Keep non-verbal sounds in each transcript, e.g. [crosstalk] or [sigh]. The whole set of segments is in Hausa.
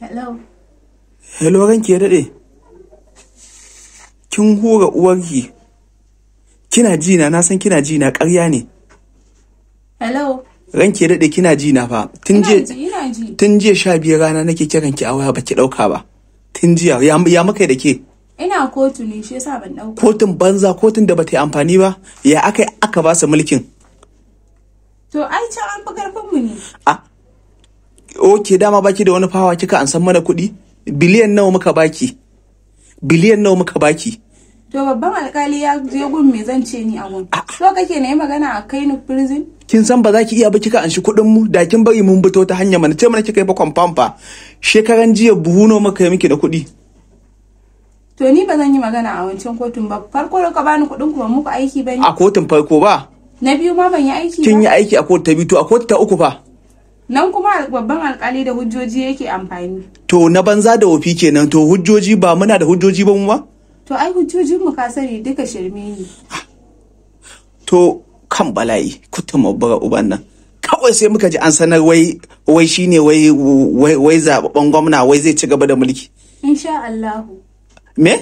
Hello. Hello ranki ya daɗe. Kin hura uwarki. Kina ji na na san kina ji na ƙarya ne. Hello. Ranki ya daɗe kina ji na fa. Tun je tun je sha biyar rana nake kiran ki a waya baki ɗauka ba. Tun jiya ya, ya maka da ke. Ina kotu ne shi yasa ban ɗauka. Kotun banza kotun da bata yi amfani ba ya aka aka ba su mulkin. To ai can an fi karfin mu ne. Ah ok dama baki da wani fawa kika an san mana kuɗi biliyan nawa muka baki biliyan nawa muka baki to babban alkali ya je gun me zan ce ni a gun ah. so kake na yi magana a kai ni prison kin san ba za ki iya ba kika anshi kuɗin mu da kin bari mun fito ta hanya mana ce mana kika yi bakon fa shekaran jiya buhu nawa muka yi miki da kuɗi to ni ba zan yi magana a wancan kotun ba farko da ka bani kuɗin ku ba muku aiki ba a kotun farko ba na biyu ma ban yi aiki ba kin yi aiki a kotu ta biyu to a kotu ta uku fa nan kuma babban alkali da hujjoji yake amfani to na banza da wofi kenan to hujjoji ba muna da hujjoji ba mu ba to ai hujjojin mu ka sani duka shirme ne to kan bala'i kuta mabbara uban nan kawai sai muka ji an sanar wai wai shine wai wai zababban gwamna wai zai ci gaba da mulki insha Allah me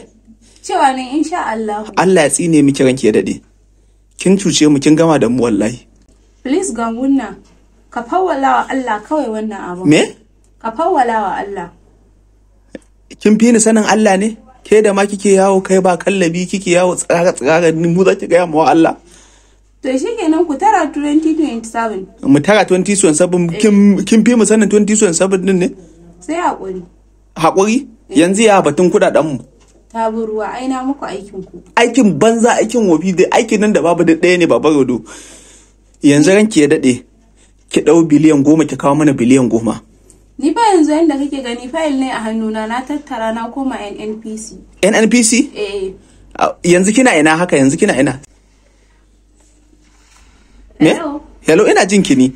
cewa ne insha Allah Allah ya tsine miki ranki ya dade kin cuce mu kin gama da mu wallahi please nan. ka fawwala wa Allah kawai wannan abu me ka fawwala wa Allah kin fi ni sanin Allah ne ke da ma kike yawo kai ba kallabi kike yawo tsirara tsirara ni mu za ki gaya ma Allah to shi kenan ku tara 2027 mu tara 2027 eh. kin fi mu sanin 2027 din ne sai hakuri hakuri eh. yanzu ya batun kudaden mu Taburuwa aina muku aikin ku aikin banza aikin wofi da aikin nan da babu da ɗaya ne babar rodo yanzu ranki ya daɗe ki ɗau biliyan goma ki kawo mana biliyan goma. Ni fa yanzu yadda kake gani fayil ne a hannuna na tattara na koma NNPC. NNPC? Eh. Ah, yanzu kina ina haka yanzu kina ina. Me? Hello ina jin ki ni.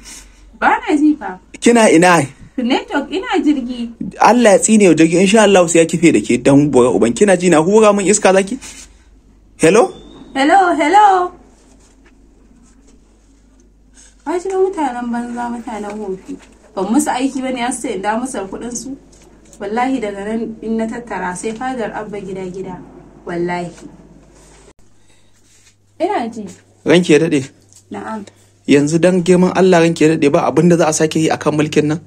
Ba na ji fa. Kina ina? Network ina jirgi. Allah ya tsine wa jirgi insha Allah sai ya kife da ke dan boga uban kina ji na hura mun iska zaki. Hello? Hello, hello. ka ji mutanen banza mutanen wofi ban musu aiki ba ne an sai da musu kuɗin su wallahi daga nan in na tattara sai fadar abba gida gida wallahi ina ji ranke dade na'am yanzu dan girman Allah ranke ya dade ba abin da za a sake yi akan mulkin nan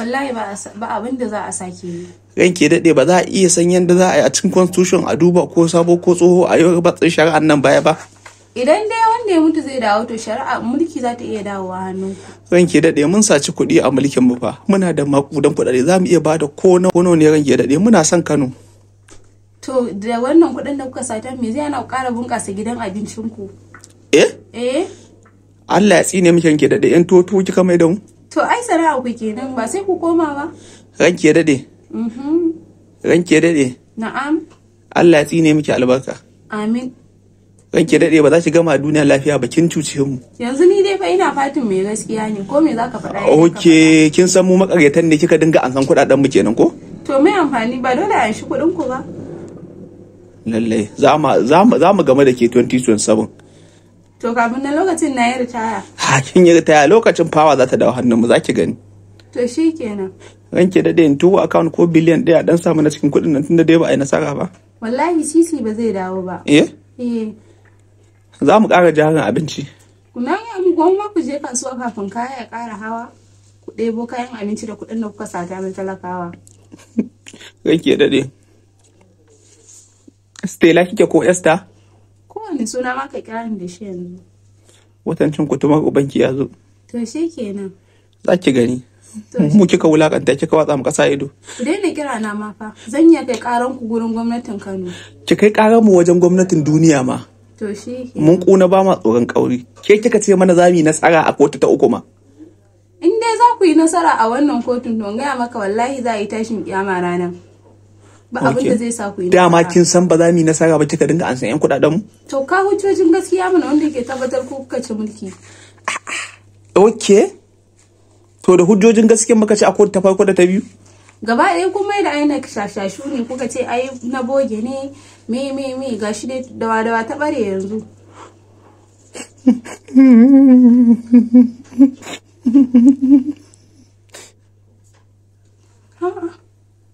wallahi ba abin da za a sake yi ranke ya dade ba za a iya san yadda za a yi a cikin constitution a duba ko sabo ko tsoho a yau batsin shari'an nan baya ba idan dai wanda ya mutu zai dawo to shari'a mulki za ta iya dawowa hannun ke daɗe mun saci kuɗi a mulkin mu fa muna da makudan kuɗaɗe za mu iya bada ko na kono ne ke daɗe muna son Kano to da wannan kuɗin da kuka sata me zai ku ƙara bunƙasa gidan abincin ku eh eh Allah ya tsine miki ranke daɗe yan toto kika mai da mu to ai sana'a ku kenan ba sai ku koma ba ke daɗe mhm ke daɗe na'am Allah ya tsine miki albarka amin ranke daɗe ba za ki gama duniya lafiya ba kin cuce mu yanzu ni dai fa ina fatin mai gaskiya ne ko me zaka faɗa oke kin san mu makaryatan ne kika dinga an san kuɗaɗen mu kenan ko to mai amfani ba dole a shi kuɗin ku ba lalle za mu game da ke 2027 to kafin na lokacin na yi ritaya ha kin yi ritaya lokacin fawa za ta dawo hannun mu za ki gani to shi kenan ranke daɗe in tuwo account ko biliyan ɗaya dan samu na cikin kuɗin nan tunda dai ba a yi nasara ba wallahi sisi ba zai dawo ba eh eh za mu ƙara jarin abinci kuna yi gwamma ku je kasuwa kafin kaya ya ƙara hawa ku ɗebo kayan abinci da kuɗin da kuka sata na talakawa rake [laughs] daɗe stella kike ko esther kowane suna maka ka da shi yanzu watancin kutumar ubanki ya zo to shi kenan za ki gani mu kika wulakanta kika watsa mu kasa ido ku daina kira na ma fa zan iya kai ƙaran ku gurin gwamnatin Kano ki kai ƙaran mu wajen gwamnatin duniya ma mun kuna ba ma tsoron kauri ke kika ce mana za mu yi nasara a kotu ta uku ma in dai za ku yi nasara a wannan kotun don gaya maka wallahi za a yi tashin kiyama ranar ba abin da zai sa ku yi dama kin san ba za mu yi nasara ba kika dinga an san yan kudaden mu to ka hujjojin gaskiya mana wanda ke tabbatar ko kuka ci mulki Ok, to da hujjojin gaskiya muka ci a kotu ta farko da ta biyu gaba ɗaya kuma da aina shashashu ne kuka ce ai na boge ne me me me gashi dai dawa dawa ta bare yanzu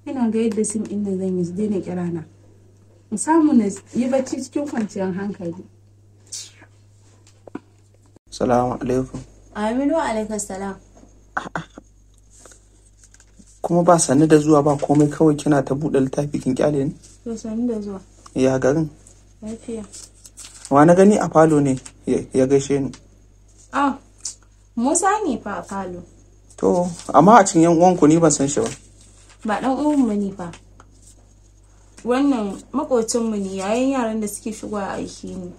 ina ga yadda sim ɗin zan yi su daina kira na samu na yi bacci cikin kwanciyar hankali salamu alaikum aminu alaikum salam kuma ba sanni da zuwa ba komai kawai kina ta buɗe littafi kin kyale ne sanni da zuwa ya garin lafiya wa na gani a falo ne ya gaishe ni ah musa ne fa a falo to amma a cikin yan ku ni ban san shi ba ba dan uwan mu ne ba wannan mu ne yayin yaran da suke shigowa aiki ne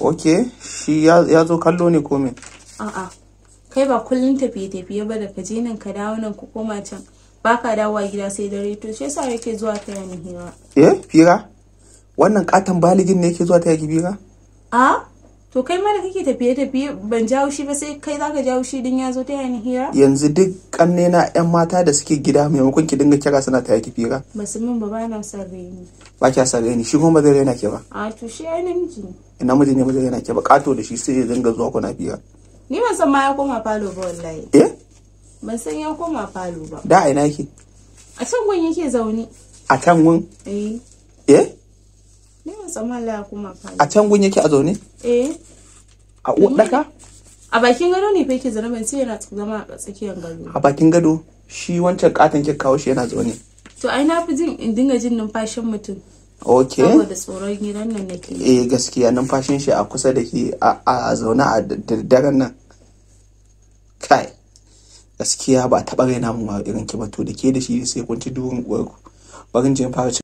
ok shi ya zo kallo ne ko me a'a kai ba kullum tafiye-tafiye ba da ka je nan ka dawo nan ku koma can ba ka dawowa gida sai dare to shi yasa yake zuwa ta yani hira eh fira wannan katon baligin ne yake zuwa ta yaki hira? a to kai ma da kake tafiye tafiye ban jawo shi ba sai kai zaka jawo shi din ya zo ta yani hira yanzu duk kanne na yan mata da suke gida maimakon ki dinga kira suna ta yaki su min ba na sarre ni. ba kya sarre ni? shi kuma zai rena ke ba a to shi ai namiji eh, namiji ne ba zai rena ke ba kato da shi sai ya dinga zuwa kuna hira. ni ban san ma ya koma falo ba wallahi eh ban san ya koma falo ba da ina yake a can gun yake zaune a can gun eh eh ne ban san mala koma falo a can gun yake a zaune eh a daka? a bakin gado ne fa yake zaune ban sai yana zama a tsakiyar gado a bakin gado shi wancan katon kika kawo shi yana zaune to ai na fi jin in dinga jin numfashin mutum ok saboda tsoron gidan nan nake eh gaskiya numfashin shi a kusa da ke a zaune a daren nan kai gaskiya ba a taɓa raina mun irin ki ba to da ke da shi sai kun ci durin uwarku barin jin fara